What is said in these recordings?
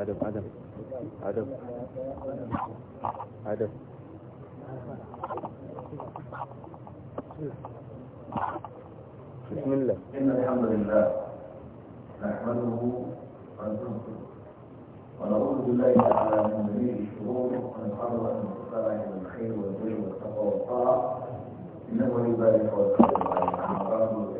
عدم عدم عدم عدم بسم الله إن الحمد لله نحمده ونستغفره ونعوذ بالله تعالى من جميع الشرور ونسأل أن نصلي الخير والبر والتقوى والطاعة إنه ولي ذلك والقدر عليه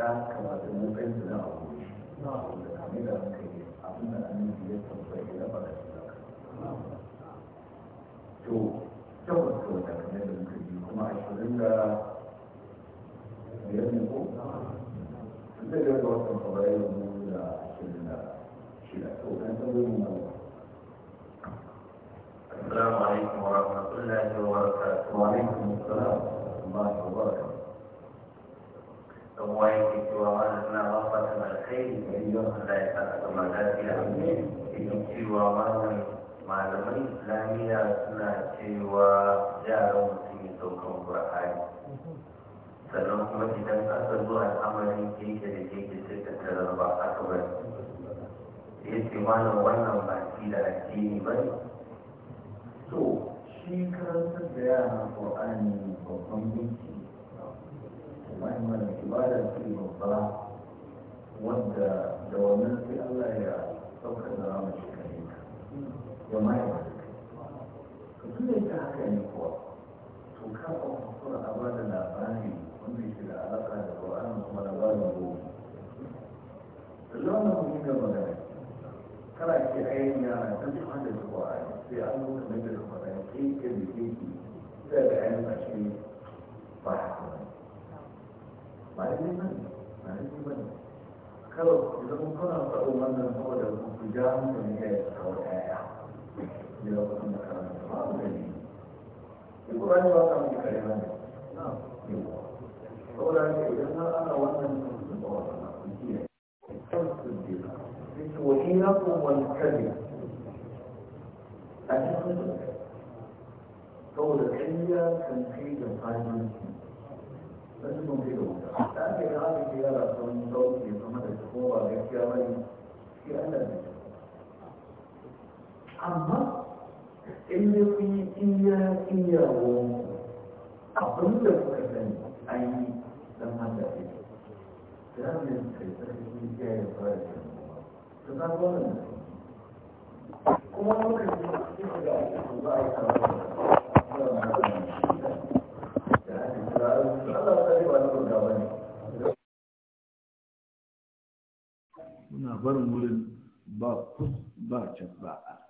karanta karatun da cewa wannan malamai islamiyya suna cewa yaran mutum ya saukan ƙur'ani sannan kuma idan aka zuwa al'amarin keke da keke sai ka tarar ba aka bari ya ce malam wannan ba shi da addini ba ne to shi karantar da yara ƙur'ani babban binci ba da ce babba wanda da wannan sai Allah ya saukar da ramar shi kare ka ya ma ya wasu ka tuna ita haka ne kuwa to kan kuma a ba da labari wanda yake da alaƙa da ƙwa'an kuma labarin gobe lawan mu ga magana kana ke ayin yara ta su hada da ƙwa'an sai an zo kamar da ƙwa'an ke ke da ke ki sai da ayin ba shi ba haka ba ba ne ba ne ba ne kada idan kuna faɗo wannan saboda mu idan mutum ya yi kawo ɗaya ya lokacin da karanta ba su da ne duk wani ba ka mai kare ba ne saboda ne idan ana wannan sun ba wata na kuki ne kan su je ka su na ko wani kare a cikin su saboda kariya kan kai da fahimci wasu sun kai da wuta ta ke da haka ke yara sun sauke kuma da kowa gaskiya bane sai Allah ne amma in ya fi iya iyawo abin da kuka sani an yi don haka ne zamin kai sarki ya yi fara da ta za ku wannan kuma lokaci da suke da ake so za a yi karatu da na da ake kira Allah ta yi ba na kurga ba ne muna barin wurin ba kus ba can ba a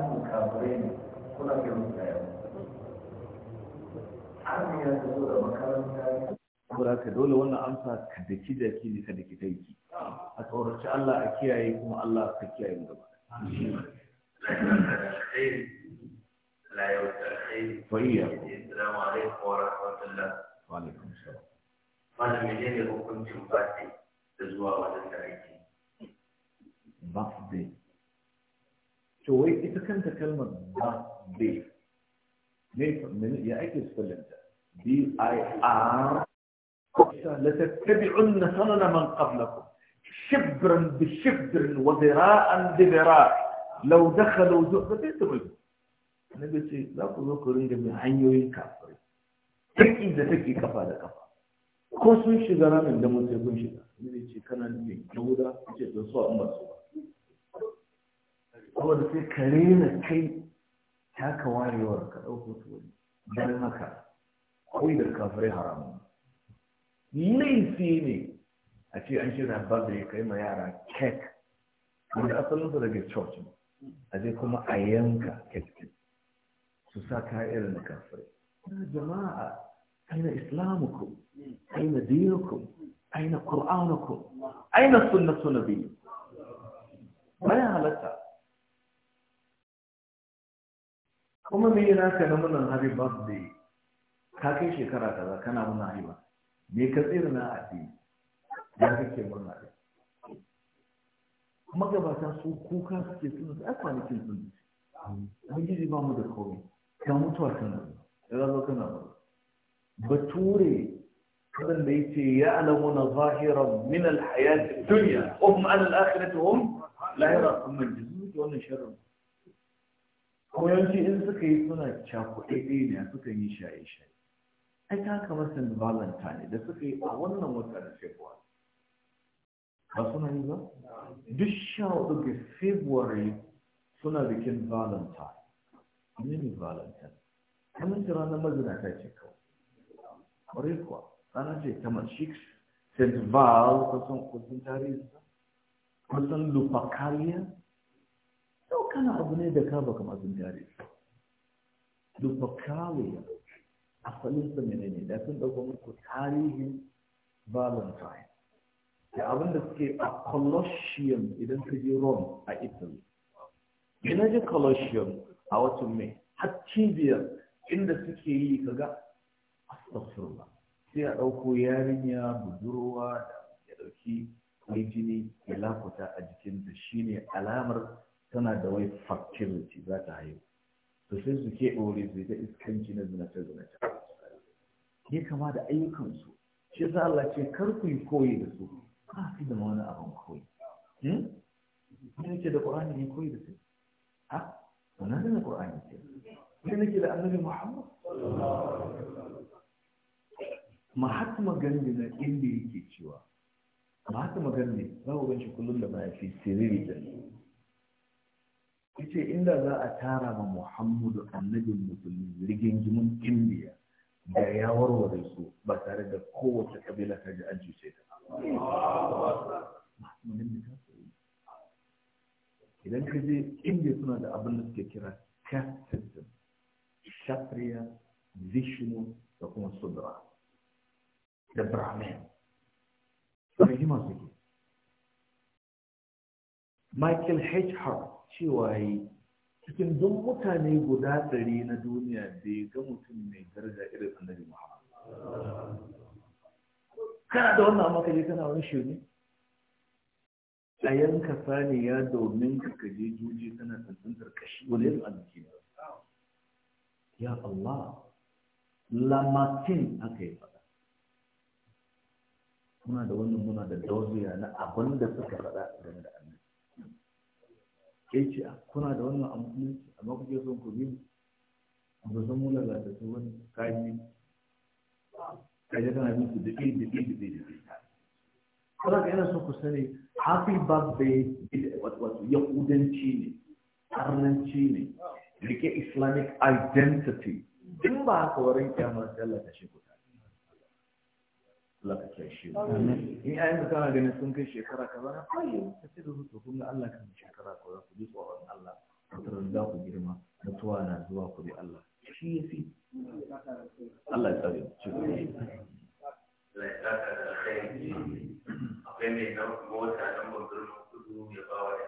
bayani kuna musu dole wannan amsa ka daki daki ne ka daki daki a tsoraci Allah a kiyaye kuma Allah ka kiyaye mu gaba da zuwa wajen da to wait ita kanta kalmar ba be me me ya ake spelling ta b i r la tattabi'unna sanana man qablakum شبرا بشبر وذراعا بذراع لو دخلوا ذوق ما تنتبه النبي لا تقولوا كرين جميع عيوين كافرين تكي إذا تكي كفا لا كفا كون سوي شغرا من دمو سيكون شغرا النبي يقول كنا نبي جودا يقول سوى أمر سوى saboda sai ka rena kai taka warewar ka ɗauko su wani don haka kawai da kafirai haramun laifi ne a ce an shirya birthday ya kai ma yara kek wanda asalinsa daga church ne a je kuma a yanka kek su sa kaya irin da kafirai jama'a أين إسلامكم أين دينكم أين قرآنكم أين سنة نبي ما يا لك kuma me yana ka na munan happy birthday ka kai shekara kaza kana muna haiba me ka tsira na addini ya kake murna da magabata su kuka suke suna a kwanakin sun ubangiji ba mu da komai ka mutuwa kan nan ya zo kana ba bature kadan da yace ya alamuna Zahira, min alhayati dunya wa hum an alakhirati hum la yara amma jizu wannan sharri koyanci in suka yi suna cakuɗe ɗaya ne suka yi shaye-shaye ai ta kamar balanta valentine da suka yi a wannan wata na februar ba suna yi ba duk sha hudu ga februar suna bikin valentine ne ne valentine kamar ta ranar ta ce kawai kwarai kuwa ranar ce ta mashik st val kusan kusan tarihi kusan lupercalia kana abu ne da ka baka mazin jari duba kawai asalin sa ne ne da sun dauko muku tarihin valentine da abin da suke a colosseum idan ka je rome a italy ina je colosseum a watan mai hakki cibiyar inda suke yi kaga astagfirullah sai a ɗauko yarinya budurwa da ya ɗauki mai jini ya lakuta a jikinta shine alamar tana da wai fertility za ta haihu to sai su ke ɗore su ta iskanci na zinace zinace ya kama da ayyukansu shi yasa Allah ce kar ku yi koyi da su ba su da wani abin koyi hmm? ne ce da Qur'ani ne koyi da su ha wannan da Qur'ani ce ne nake da Annabi Muhammad mahatma gandi na inda yake cewa mahatma gandi za ku ganshi kullum da baya fi sirri da ni yace inda za a tara ma Muhammadu annabin musulmi rigingimin indiya da ya warware su ba tare da kowace kabila ta ji an cuce ta idan ka je indiya suna da abin da suke kira caste system shatriya vishnu da kuma sudra da "Brahman" brahmin rigima suke michael h hart cewa yi cikin duk mutane guda ɗari na duniya bai ga mutum mai daraja irin annabi Muhammad. Kana da wannan amma kaje kana wani shirin A yanka saniya domin ka kaje juji kana tantsantar kashi wani yin arziki Ya Allah, lamatin aka yi faɗa. Muna da wannan muna da dauziya na abin da suka faɗa game da ya ce ah, kuna da wannan amfani amma kuke son ku bi ba san mu lalatattu wani kaji kaji kana da su da dubi da dubi kuma ka yana son ku sani hafi babbe wato yahudanci ne arnanci ne rike islamic identity in ba haka wurin kyamar lalata shi kuta Allah ka in ayin ka kana ganin sun kai shekara kaza na kwayo ka ce da kun ga Allah kan shekara kaza ku ji tsoron Allah za ku girma mutuwa na zuwa ku bi Allah shi ya fi Allah ya tsare mu akwai mai mota don kudu ya ba wa ya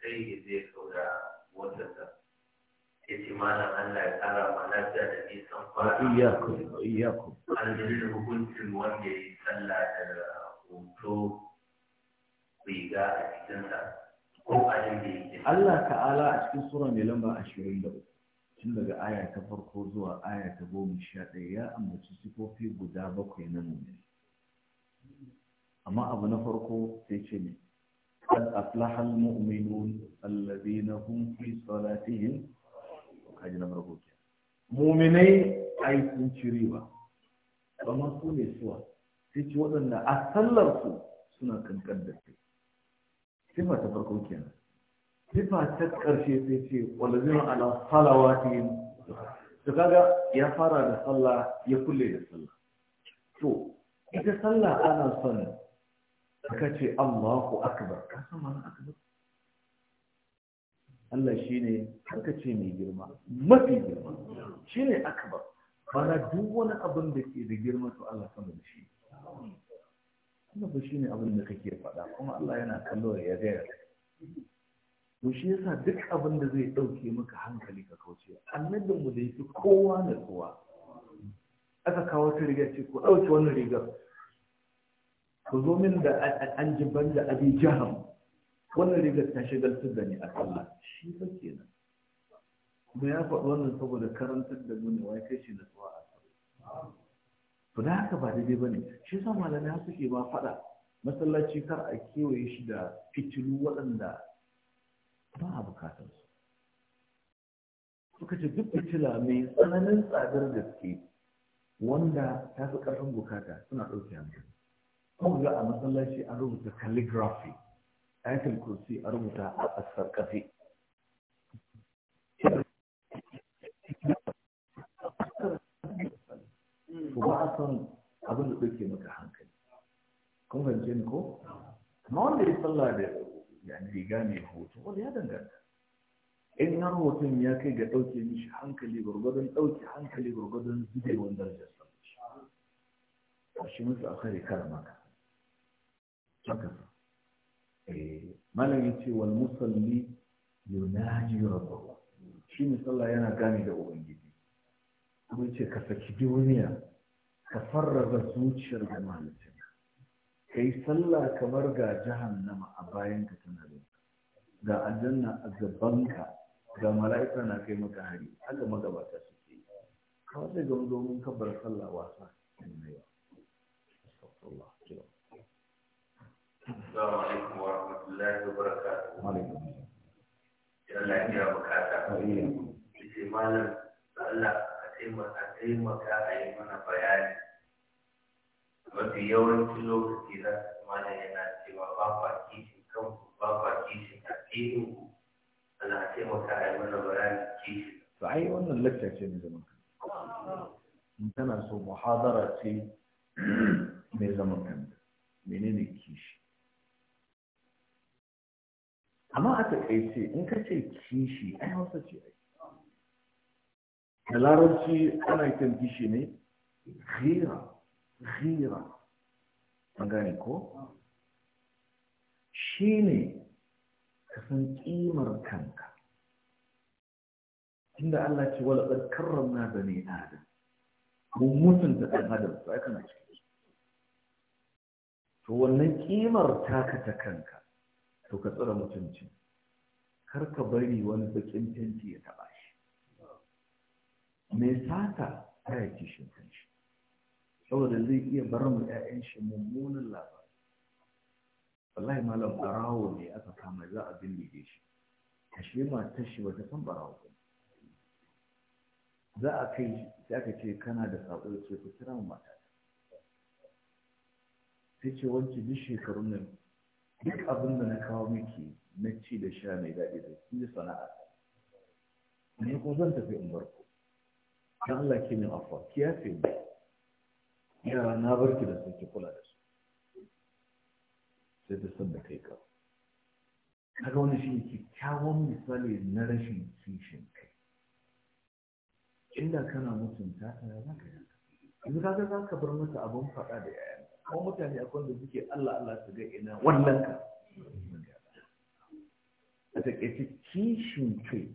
sai ya je kauda yace malam Allah ya kara ma lafiya da nisan kwana iyyakum iyyakum aljanna hukuncin wanda ya yi sallah da hoto riga a cikinsa ko abin da ya yake Allah ta'ala a cikin sura mai lamba ashirin da 23 tun daga aya ta farko zuwa aya ta goma sha ɗaya ya ambaci sifofi guda bakwai na mummuni amma abu na farko sai ce ne قد أفلح المؤمنون الذين هم في صلاتهم kaji na farko ke muminai ai sun ci riba amma su ne suwa sai ci waɗanda a sallar su suna kankan da kai sifa ta farko kenan sifa ta ƙarshe sai ce walazina ala salawati to kaga ya fara da sallah ya kulle da sallah to ita sallah ana son ka ce Allahu akbar ka san ma'ana akbar Allah shi ne ce mai girma mafi girma shi ne akabar bana duk wani abin da ke da girma to Allah sama da shi Allah ba shi ne abin da kake faɗa kuma Allah yana kallo ya gaya to shi yasa duk abin da zai ɗauke maka hankali ka kauce annabin mu da yake kowa na kowa aka kawo ta riga ce ko ɗauke wannan rigar ku zo min da an ji da abin mu. wannan rigar ta shigaltar da ni a sallah shi ba kenan kuma ya faɗi wannan saboda karantar da mu ne wai kai shi nasuwa a sallah Ba da haka ba daidai bane shi yasa malamai suke ba faɗa masallaci kar a kewaye shi da fitilu waɗanda ba a bukatar su suka ce duk fitila mai tsananin tsadar gaske wanda ta fi ƙarfin bukata suna ɗauke hankali. Kuma ga a masallaci an rubuta calligraphy ayatul kursi a rubuta a asar kafe ba a son abin da ɗauke maka hankali kun fahimce ni ko amma wanda ya salla da yani riga mai hoto wanda ya danganta in har hoton ya kai ga ɗauke mishi hankali gwargwadon ɗauke hankali gwargwadon zubewan darajar sallar shi a shi musu a kare kara maka Eh, malam ya ce wal musalli yunaji rabbahu shi mai sallah yana gane da ubangiji kuma ce ka saki duniya ka farraza zuciyar da malamin. ka yi sallah kamar ga jahannama a bayan ka tana da ga aljanna a ka ga mala'ika na kai maka hari haka magabata suke yi kawai daga domin kabbar sallah wasa السلام mafi yawancin lokaci za su mana cewa ba kishin kanku ba kishin ana taimaka a yi mana bayani kishin. to ai wannan lakta ce mai zama kanta in tana so muhadara ce mai zama kanta menene kishi amma a taƙaice in ka ce kishi ai hausa ce ai da larabci ana kan kishi ne hira hira an gane ko shi ne ka san ƙimar kanka inda Allah ce wala ɗan karramna da ne adam mun mutunta ɗan adam sai kana ciki to wannan ƙimar taka ta kanka to ka tsara mutunci kar ka bari wani bakin tenti ya taba shi mai sata kaya kishin kanshi saboda zai iya bar mu 'ya'yan shi mummunan labari wallahi malam barawo ne aka kama za a bindige shi kashe ta shi ta san barawo ba za a kai sai aka ce kana da saƙo ce ku kira mu mata sai ce wancan duk shekarun nan duk abin da na kawo miki na ci da sha mai daɗi da su sana'a ne ko zan tafi in bar ku dan Allah ki min afwa ki yafe ni yara na bar ki da su ki kula da su sai ta san da kai ka kaga wannan shi ne kyakkyawan misali na rashin kishin kai inda kana mutunta ta za ka yanka yanzu kaga za ka bar mata abin faɗa da yayan kuma mutane akwai da suke Allah Allah su ga ina wannan ka a taƙaice kishin kai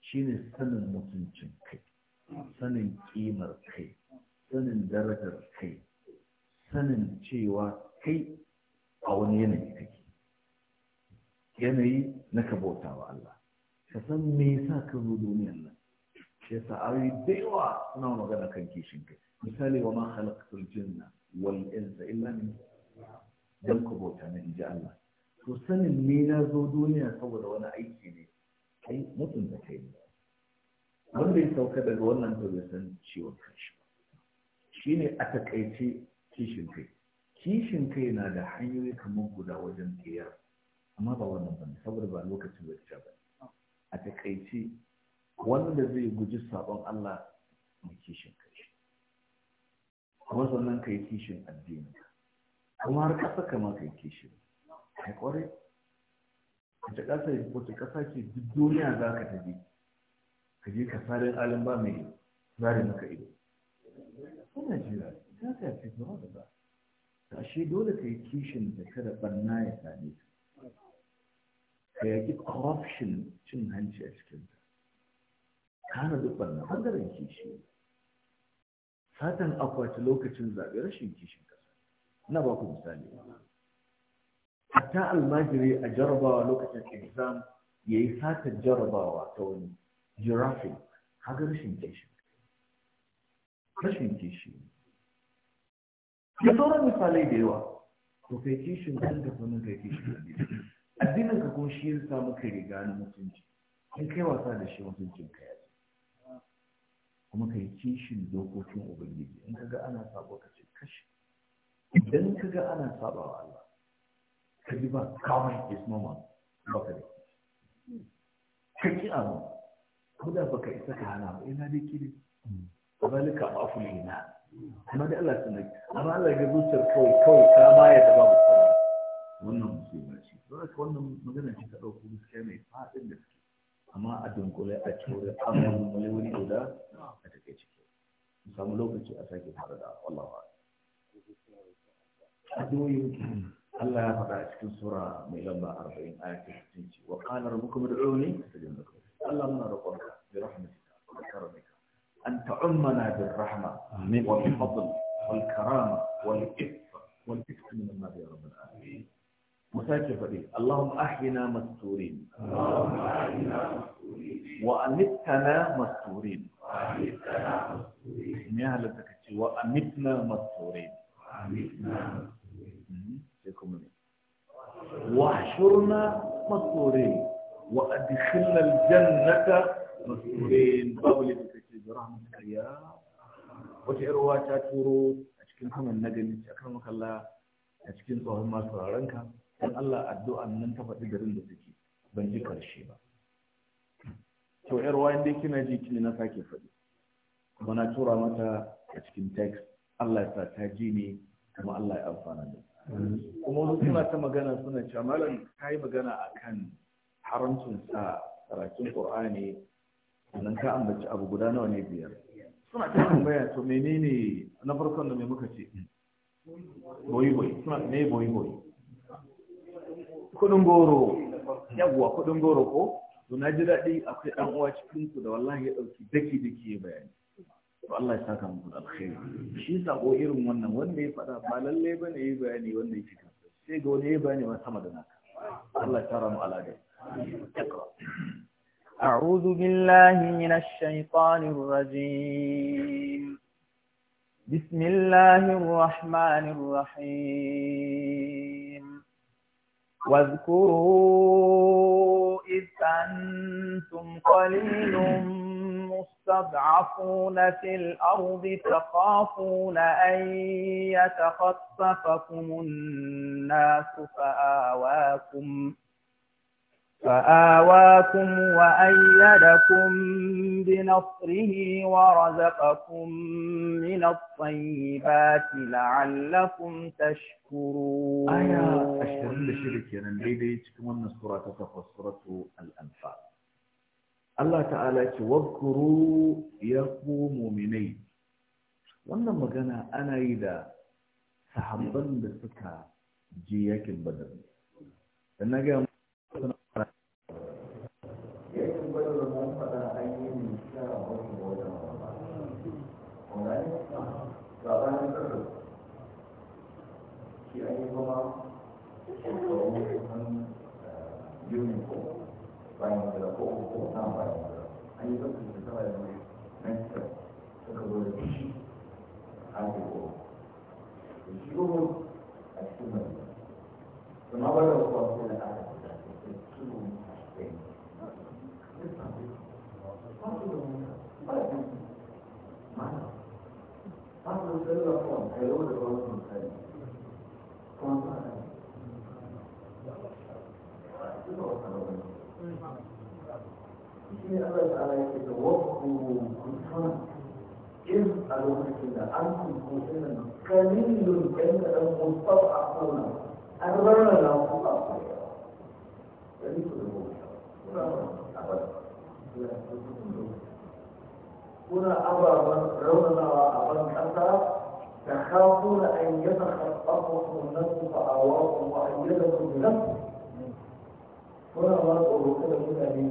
shine sanin mutuncin kai sanin ƙimar kai sanin darajar kai sanin cewa kai a wani yanayi kake yanayi na ka bautawa Allah ka san me yasa ka zo duniyar nan shi yasa ayoyi da yawa suna magana kan kishin kai misali wa ma halakatul jinna wal insa illa don ku bauta na ji Allah to sanin ne na zo duniya saboda wani aiki ne kai mutum da kai wanda ya sauka daga wannan to ya san ciwon kanshi ba ne a takaice kishin kai kishin kai na da hanyoyi kamar guda wajen tsayar amma ba wannan bane saboda ba lokacin da ba a takaice wanda zai guji sabon Allah mai kishin kuma sannan ka yi kishin addini kuma har ƙasa kama ka yi kishin ai ƙwarai wata ƙasa wata ƙasa ce duk duniya za ka tafi ka je ka sarin alin ba mai zari maka ido suna jira ta ta yi kuma da ba ta ashe dole ka yi kishin da kada barna ya same ka ka yaƙi corruption cin hanci a cikinta hana duk barna ɓangaren kishi satan akwati lokacin zaɓe rashin kishin ƙasa na ba ku misali hatta almajiri a jarabawa lokacin exam ya yi satan jarabawa ta wani jirafin haga rashin kishin rashin kishin ya sauran misalai da yawa to kai kishin kan da kuma kai kishin da addinin ka kuma shi ya samu kai riga na mutunci in kai wasa da shi mutuncin ka ya kuma ka yi kishin dokokin ubangiji in kaga ana sabo ka ce kashi idan kaga ana saba wa Allah ka ji ba kawai is normal ba ka da ka ki abu ko da baka isa ka hana ba ina dai kiri zalika ma'fulina amma da Allah sun dake amma Allah ga zuciyar kawai kawai Ka baya ya da babu kawai wannan musulma ce don haka wannan magana ce ta dauko gaskiya mai fadin da suke amma a dunkule a cikin amma dunkule wuri guda a take ciki mu samu lokaci a sake fara da wallahu adoyin Allah ya faɗa a cikin sura mai lamba arba'in aya ta sittin ce wa qala rabbukum ud'uni da lakum Allah muna roƙonka bi rahmatika wa karamika an ta'ummana bir rahma wa bil fadl wal karama wal ifa wal ikfa min Allah ya rabbal alamin مساكي فدي اللهم أحينا مستورين اللهم أحينا مستورين وأمتنا مستورين وأمتنا مستورين وأمتنا مستورين وأمتنا واحشرنا مستورين وأدخلنا الجنة مستورين باب اللي برحمتك يا وتعروا تاتورو أشكلكم النجم أكرمك الله أشكلكم ما صار dan Allah addu'an nan ta faɗi garin da suke ban ji karshe ba to yar wayan dai kina ji kina na sake faɗi kuma na tura mata a cikin text Allah ya sa ta ji ne kuma Allah ya amfana da kuma wasu suna ta magana suna cewa malam kai yi magana akan haramcin sa karatun Qur'ani nan ka ambaci abu guda nawa ne biyar suna ta tambaya to menene na farkon da me muka ce boy boy suna me boy boy kudin goro yawwa kudin goro ko to na ji daɗi akwai ɗan uwa cikin ku da wallahi ya ɗauki daki daki ya bayani to Allah ya saka muku alkhairi shi sako irin wannan wanda ya faɗa ba lalle bane yi bayani wanda ya fita sai ga wani ya bayani ma sama da naka Allah ya tara mu alada أعوذ بالله من الشيطان الرجيم بسم الله الرحمن الرحيم واذكروا إذ أنتم قليل مستضعفون في الأرض تخافون أن يتخطفكم الناس فآواكم ۖ فآواكم وأيدكم بنصره ورزقكم من الطيبات لعلكم تشكرون آية أشهرين لشركة نبيدي تكمن سورة تفسرة الأنفال الله تعالى واذكروا يقوم مني wannan magana ana yi da sahabban da suka ji yakin badar da na gaya 10年後、来年から候補校3倍になる。ありがとうございます。ね、そこで、あれを、仕事をしてもらいます。その場で、إذ الوقت إذا أنتم قلنا قليل كان المستضعفون أروانا لا مستضعفون يعني كنا أبابا روننا وأبابا حتى تخافون أن يتخطفكم الناس فأواكم وأيدكم بنفسه هنا ما تقولوا كده كده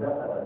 da a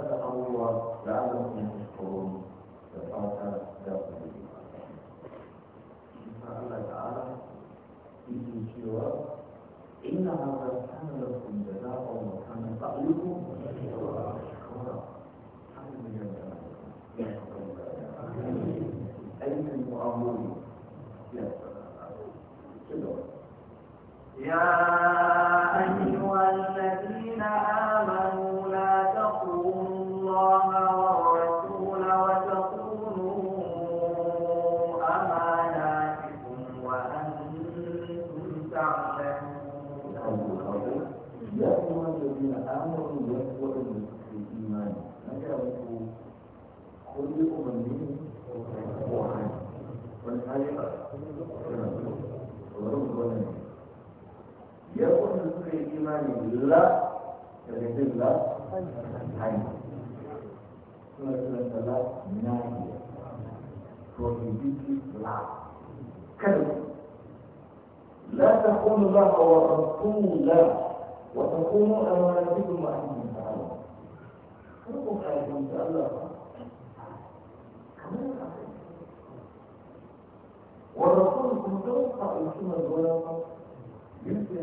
فتح الله لعلهم يشكرون فقال تعالى في قد كان لكم جزاء وكان سعيكم مشكورا أين يا إيمان بالله فبالله عنه لا الصلاة ناهية prohibited love كلمة لا تخونوا الله ورسوله وتكونوا أمانتكم وأنتم تعلمون خلقوا حياتكم تألفوا كنت توقع الكلمة الأولى يمكن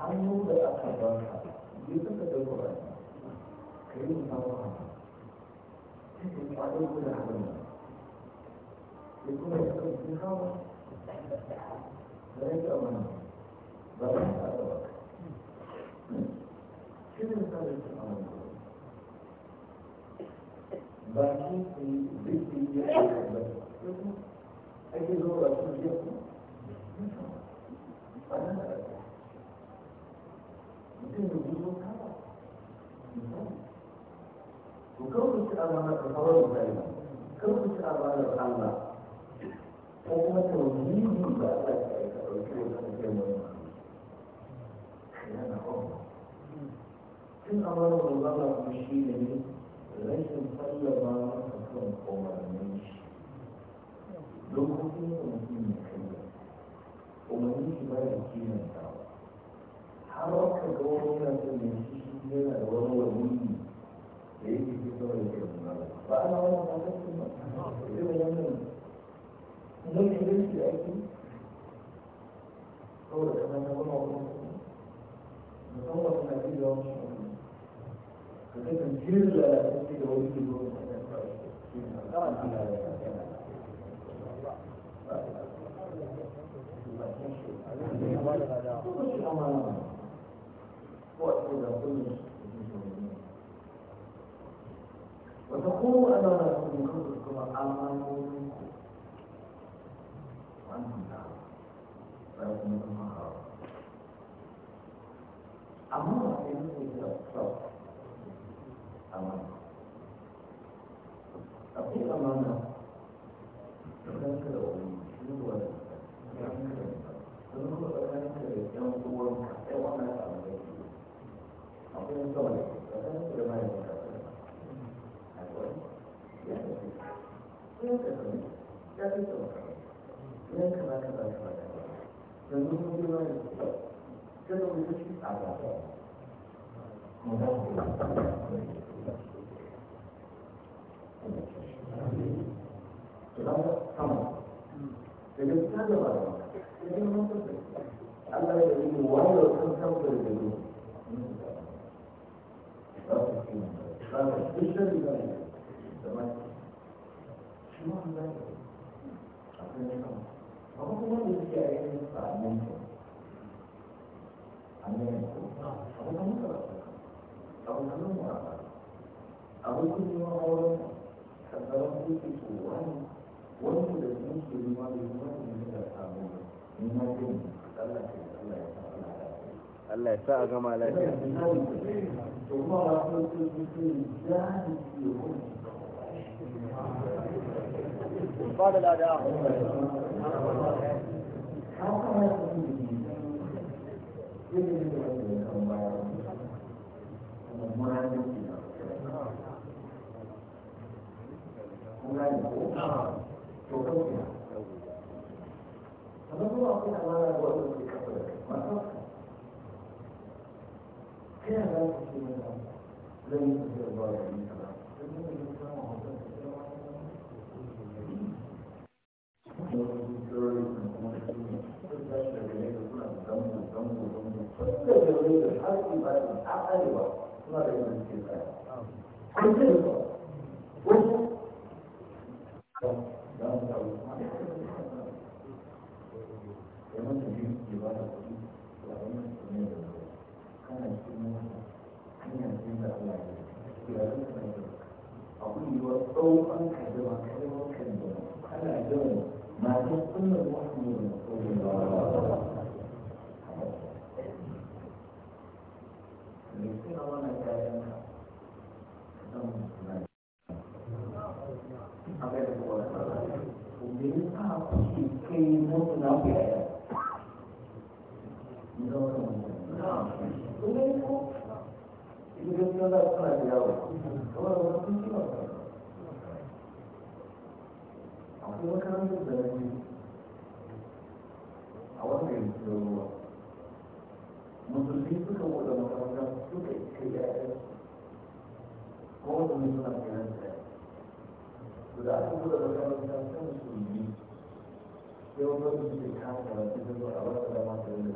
hannu da aka ba ka yi suka da kuma ka yi musamman hannu cikin kwaɗin kula hannun da kuma ya kan fi hawa da ya ga mana ba ka ba shi ne ka da shi a wani ba ki ne zai yi ya ke zo ba shi ya ọ̀nà. sa a gama lafiya ba da أحيانا لا يقصد لا يقصد الظالمين وكل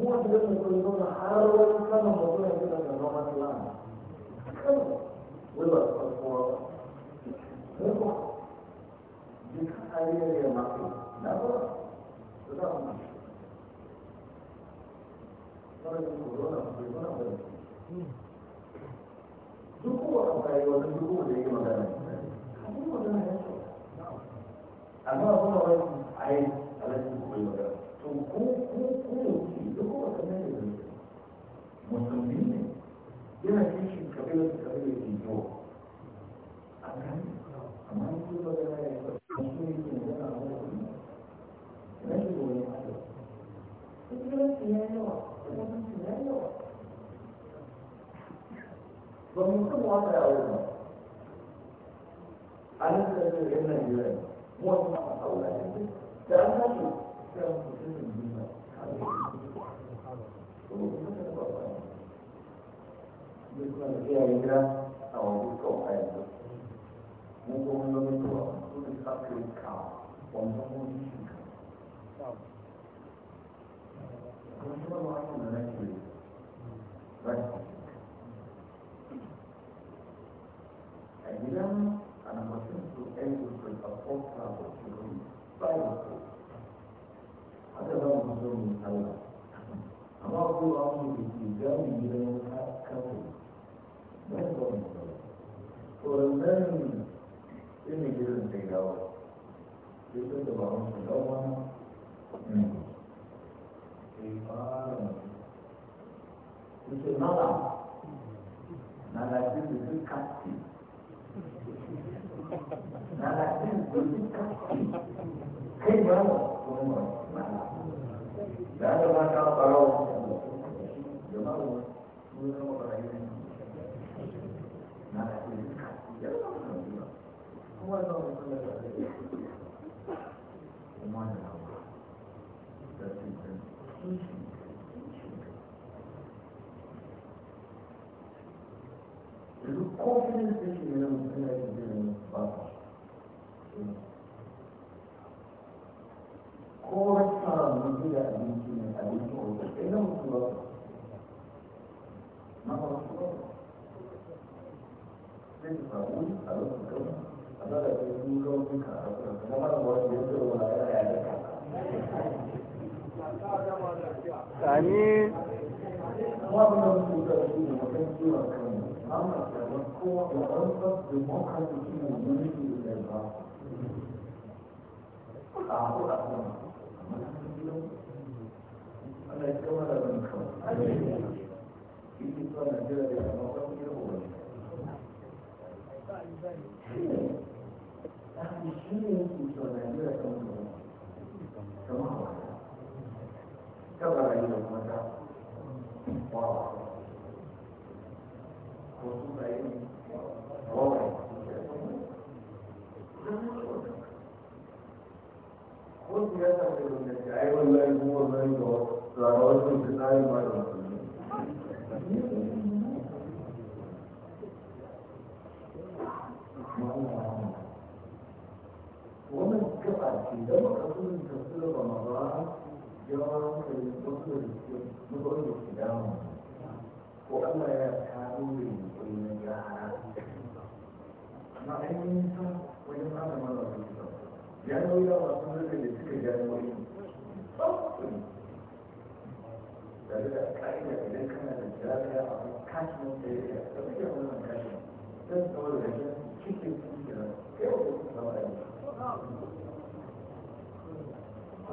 مو أنت لازم يكون حاول كما موضوع كده من النوع الإسلام ولا الصورة يصح دي حاليا يا معقول لا غلط ده ذكور أبي وذكور لي مثلا أما هو عين haka ya aure mu a nan da zai yi nan yi rai ma masu da an tashi sai mu fi sun yi ba ne kuma a wani a wani confidence that you know is going to be about ko wata mutu da abinci ne abinci wanda ne mutu sai ka samu a lokacin a da su sun ka a kuma da ya da su da su ne kan amma da kowa da wani da da ba. Allah ya da Najeriya da ya 但是虚拟股票呢，越来越什么好玩？这个人有什么招？哇！我出来，我买股票，真有的。我觉得这个东西，哎，我来，我来，我，然后就是那一块的。idan ba ka sun da su ba ma ba ya wani da wasu da su na ba da su damu ko Allah ya kawo ne kullun ya hana na a i n i h i sa w a j n h a n mana da su ya yi yawa sun rage da suka gano wani da da ka'ida idan kana da jirafiya a kan kashin da ya yi da suke wannan kashin don tsawon da shi c i k n cikin da kai wata kuma da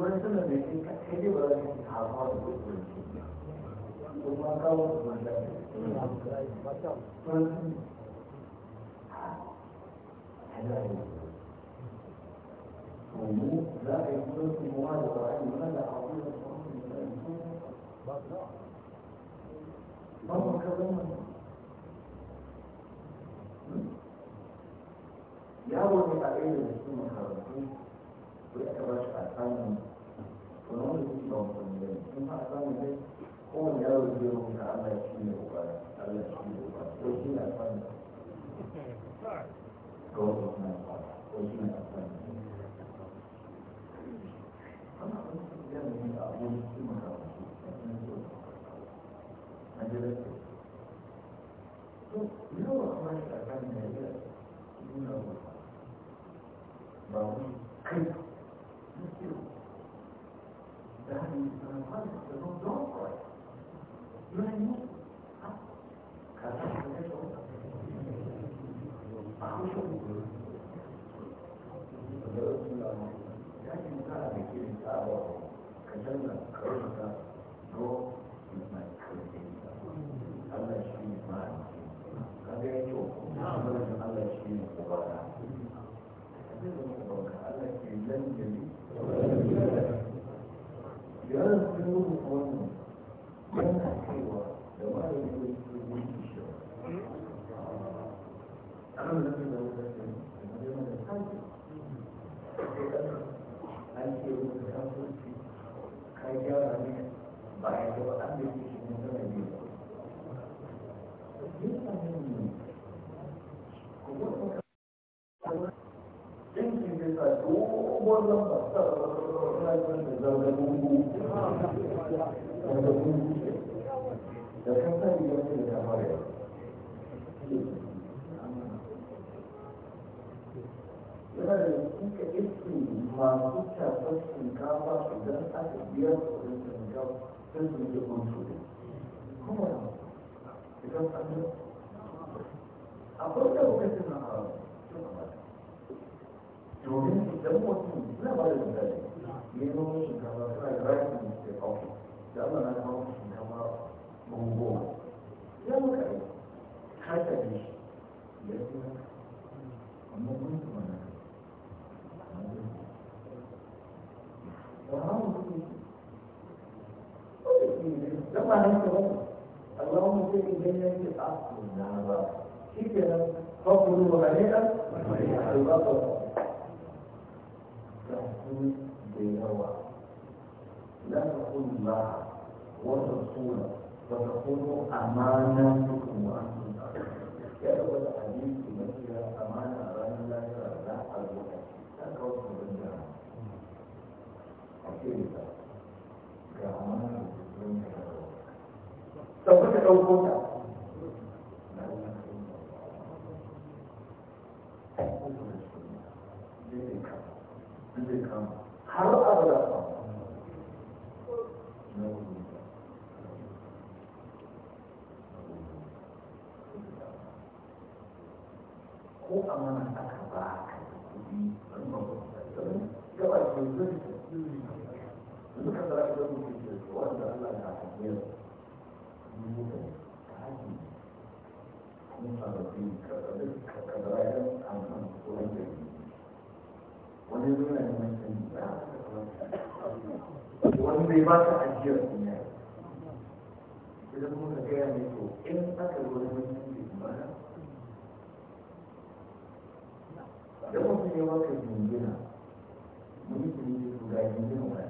ورسول الله كتحدي ولا تتعرض ثم قوت من ذلك لا يكون في مواجهة عين ولا عظيم الله كرمه يا ولد عليه الاسم الحرام 所以我是打三年，可能是一种分类，因为三年内后面要有一个红茶来去有关，来去有关，我现在穿的，我我现在穿的，我现在。kasar shinkafa idan aka biya kudin shinkafa sai su yi mantu kuma idan an yi akwai da lokacin na haram domin idan mutum na ba da misali ne nuna shinkafa suna da rakin da ke kawo da ana na kawo shinkafa bango ya muka yi kasa ne ya fi amma mun لما هيك اللهم اتقي جنتك عصر النار شكرا فضل وغنيئا البطل تحكم بينهما لا تقول الله والرسول وتقول امانتكم وانتم تعلمون يا اول الحديث في مثل امانه لا يرى لا قلبك لا توصل بالجنه irinsa ga da ta ba ka ajiyar kuma ya kuma ka gaya mai to in aka yi wani mutunci ba da mutum ya waka jingina mutum ya yi gina wani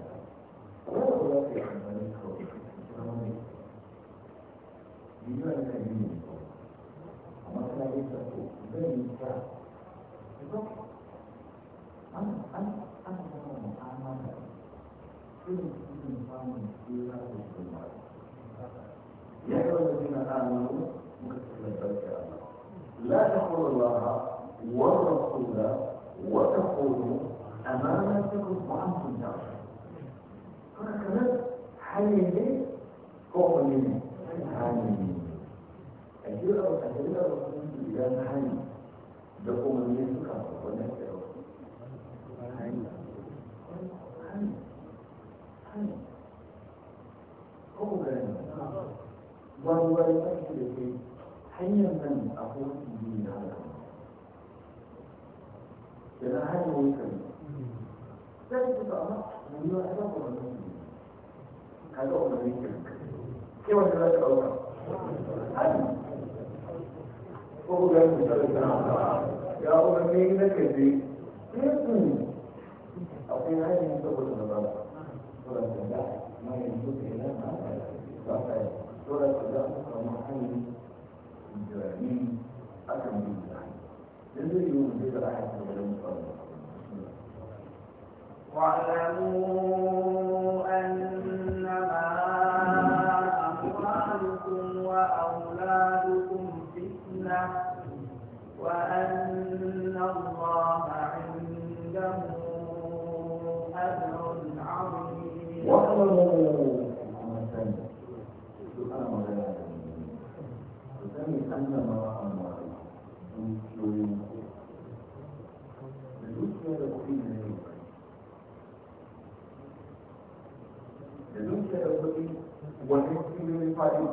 والرسول وتقول أمانتكم وأنتم تعلمون هكذا حيين ya na eh, yi aka yi da zai yi wani وأن الله عنده أجر عظيم واعلموا أن ما أمر من da dukiya da kuɗi wani kuɗi ne fadi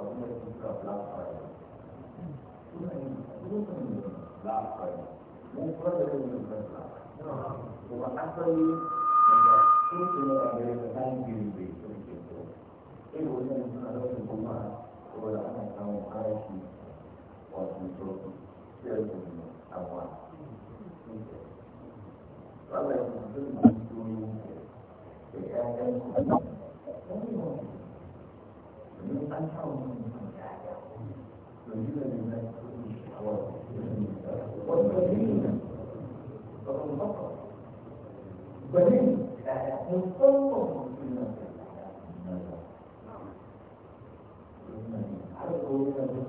kuma asali daga cikin da ya ga bayan biyu bai turke ko irin wannan suna rasa kuma da ana samun da amma ya da da 三桥，有一个人呢，我，我这个兵呢，都是光棍，兵，哎，都光棍兵了，大家知道吗？嗯。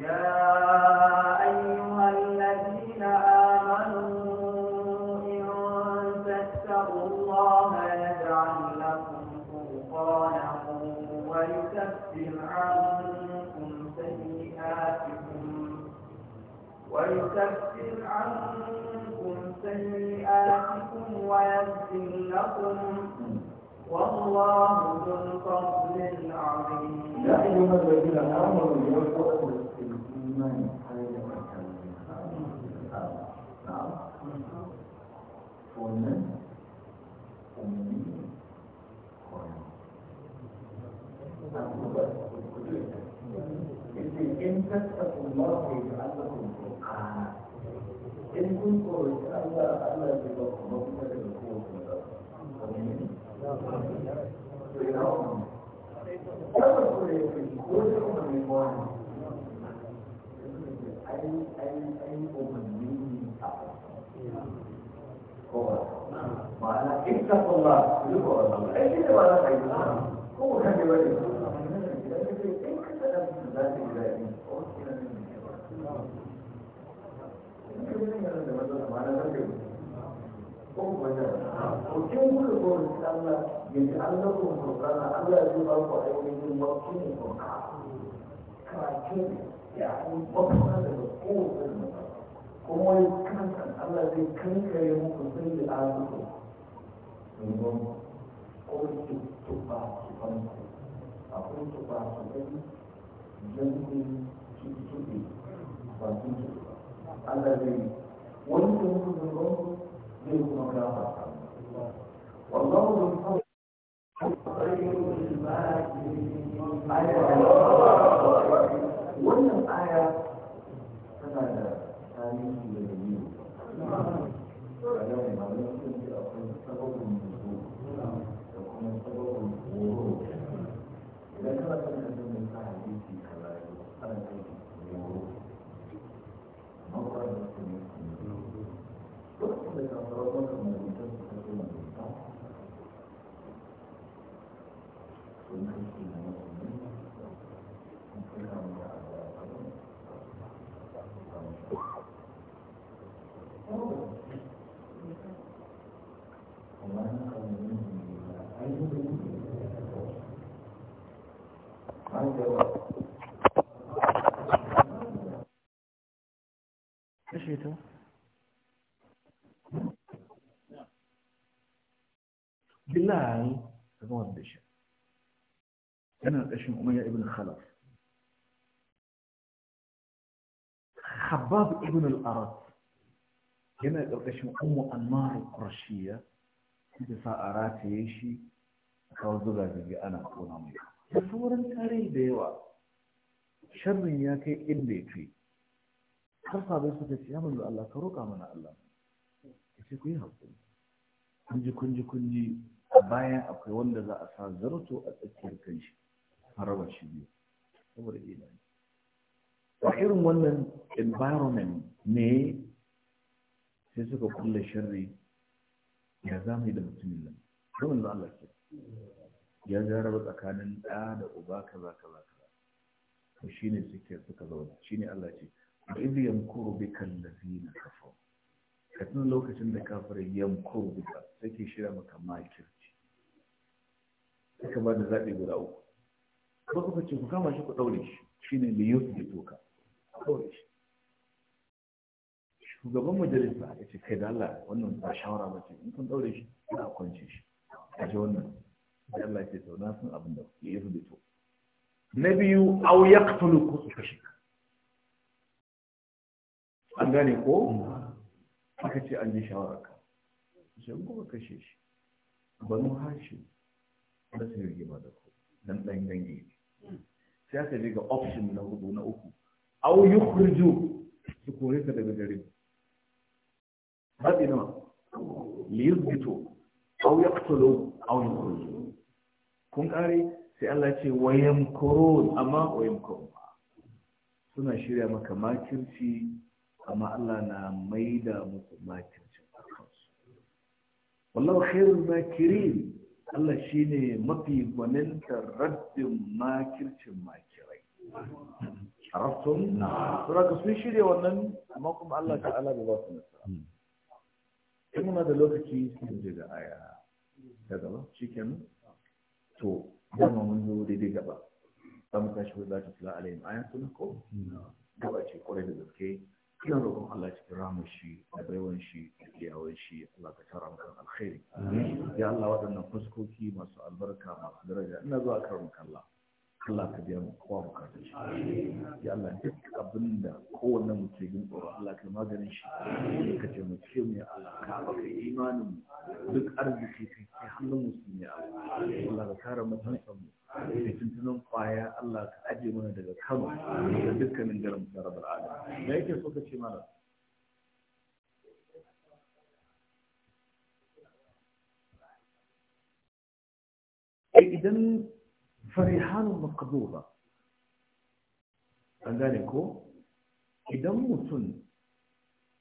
يا أيها الذين آمنوا إن تتقوا الله يجعل لكم ويكفر عنكم سيئاتكم ويكفر عنكم سيئاتكم ويغفر لكم والله ذو الفضل العظيم يا أيها الذين آمنوا يا الإيمان ma'ana ittaqu Allah yubu Allah ai shi ne ba za ka yi ko ka ne wani ne Allah jadi Allah pun berkata Allah juga domin kurtuba kiban a kurtuba kiban jami'in tuttuɓe ba tuttuɓe Allah zai wani da muka zuwa zai kuma gafa wallahu zai kawo a yi بالله تدور بشر أنا الأشم أمية ابن خلف خباب ابن الأرض هنا الأشم أم أنمار القرشية كنت سأرات يشي أخوضها زي أنا أكون أمية تصورا تاري ديوا شر ياكي إبدي في خلصة بيسو تسيام الله كروك من الله يسي يكون هبطي كنجي كنجي كنجي a bayan akwai wanda za a sa zarto a tsakiyar kan shi haraba shi biyu saboda a irin wannan environment ne sai suka kulle shirri ya za mu yi da mutumin nan domin da Allah ke ya jaraba tsakanin ɗa da uba kaza kaza kaza to shine suke suka zauna shine Allah ce wa yamkuru bika allazina kafaru katin lokacin da kafirai yamkuru bika sai ke shirya maka makir suka ba da zaɓi guda uku Ba kuka ce ku kama shi ku ɗaure shi shine da yau da toka ɗaure shi shugaban majalisa ya ce kai da Allah wannan ba shawara ba ce in kun ɗaure shi ina kwance shi a ji wannan Da Allah ya ce to na san abin da ya yi da to na biyu au yaqtulu ku su kashe an gane ko aka ce an ji shawarar ka sai kuma kashe shi banu hashi ba su yi ba da ku nan ɗan dangi sai aka je ga option na hudu na uku au yukhriju su kore ka daga gari hadi nawa li yuthbitu au yaqtulu au yukhriju kun kare sai Allah ce wayan kurun amma wayan kurun suna shirya maka makirci amma Allah na maida musu makirci wallahu khairul makirin Allah shi ne mafi gwaninta raddin makircin makirai. A Sura ka sun shirya wannan, amma kuma Allah ta'ala ba ba su nasara. Hmm. In muna da lokaci sun je da aya ta gaba, shi nan? To, dama mun zo daidai gaba. Za mu tashi wadda ta fila ayan suna ko? Hmm. Gaba ce kwarai da gaske. Ina roƙon Allah cikin ramar shi da baiwan shi da kiyawan shi Allah ka tara mu kan alkhairi. Ya Allah waɗannan fuskoki masu albarka masu daraja ina zuwa karin kalla. Allah ka biya mu kowa bukatun shi. Ya Allah duk abin da kowanne mu ke jin tsoro Allah ka maganin shi. Ka taimake mu ya Allah ka baka imanin mu duk arziki kai hannun musulmi ya Allah. Allah ka kare mutuncin mu. da tuntunan kwaya Allah ka aje mana daga Kano da dukkanin garin Sarabar Adam. Da yake so ka ce mana? Eh, idan farihanun makazuba, an gane ko? Idan mutum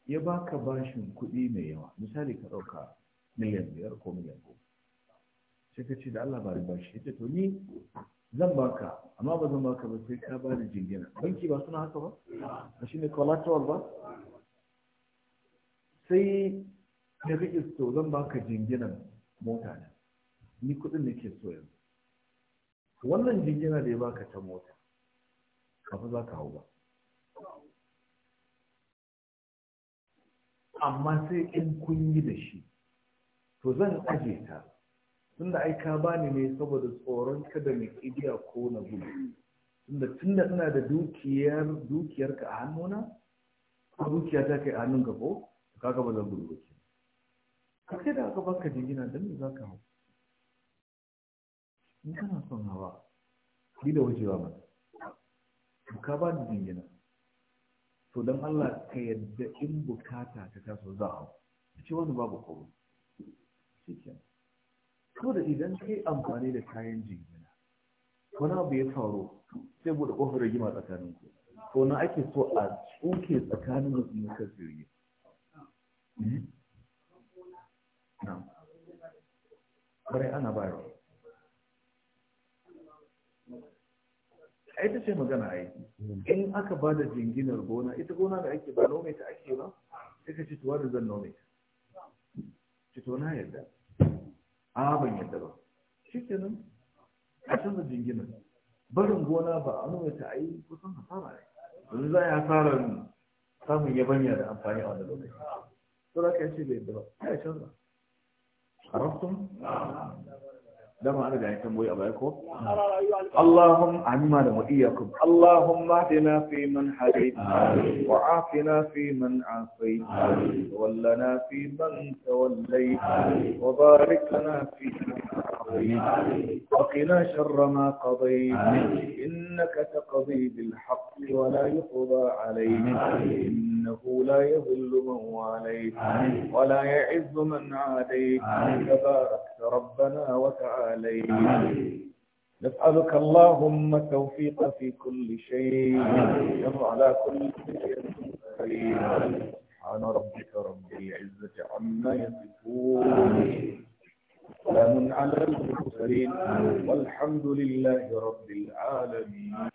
ya baka bashin kuɗi mai yawa, misali ka ɗauka miliyan biyar ko miliyan goma. sai ka ce da Allah ba riba shi ita to ni zan baka amma ba zan baka ba sai ka bani jingina banki ba suna haka ba a shine collateral ba sai da kake so zan baka jinginan mota ne ni kudin nake so yanzu wannan jingina da ya baka ta mota kafin za ka hau ba amma sai in kun yi da shi to zan aje ta tunda ai ka bani ne saboda tsoron kada mai kibiya ko na gudu tunda tunda ina da dukiyar dukiyarka a hannuna ko dukiya ta kai a ka ko ka ga bazan gudu ba a kai da aka baka jingina don me za ka hau in kana son hawa ni da wucewa mata ka ba da jingina to don Allah ka yadda in bukata ta taso za a hau ce wani babu komai shi kenan to da idan kai amfani da kayan jingina wani abu ya faru sai bude kofar rigima tsakanin ku to na ake so a tsoke tsakanin musulmi kan jirgi kwarai hmm? ana bayarwa ita ce magana aiki, in aka ba da jinginar gona ita gona da ake ba nome ta ake ba ita ce tuwa da zan nome ta ce tuwa na yarda a ban yadda ba shi nan a canza jinginan barin gona ba a nuna ta ayi kusan hasara ne yanzu za a yi hasarar samun yabanya da amfani a wani lokaci to za ka yi ce bai yadda ba a canza a dama ana da yankan boye a baya ko Allahumma amina da wa'iyakum Allahumma hadina fi man hadayt wa afina fi man afayt wallana fi man tawallayt wa barik lana fi ma وقنا شر ما قضيت إنك تقضي بالحق ولا يقضى عليك إنه لا يذل من واليت ولا يعز من عاديت تباركت ربنا وتعاليت نسألك اللهم التوفيق في كل شيء وعلى على كل شيء سبحان ربك رب العزة عما يصفون سلام على المرسلين والحمد لله رب العالمين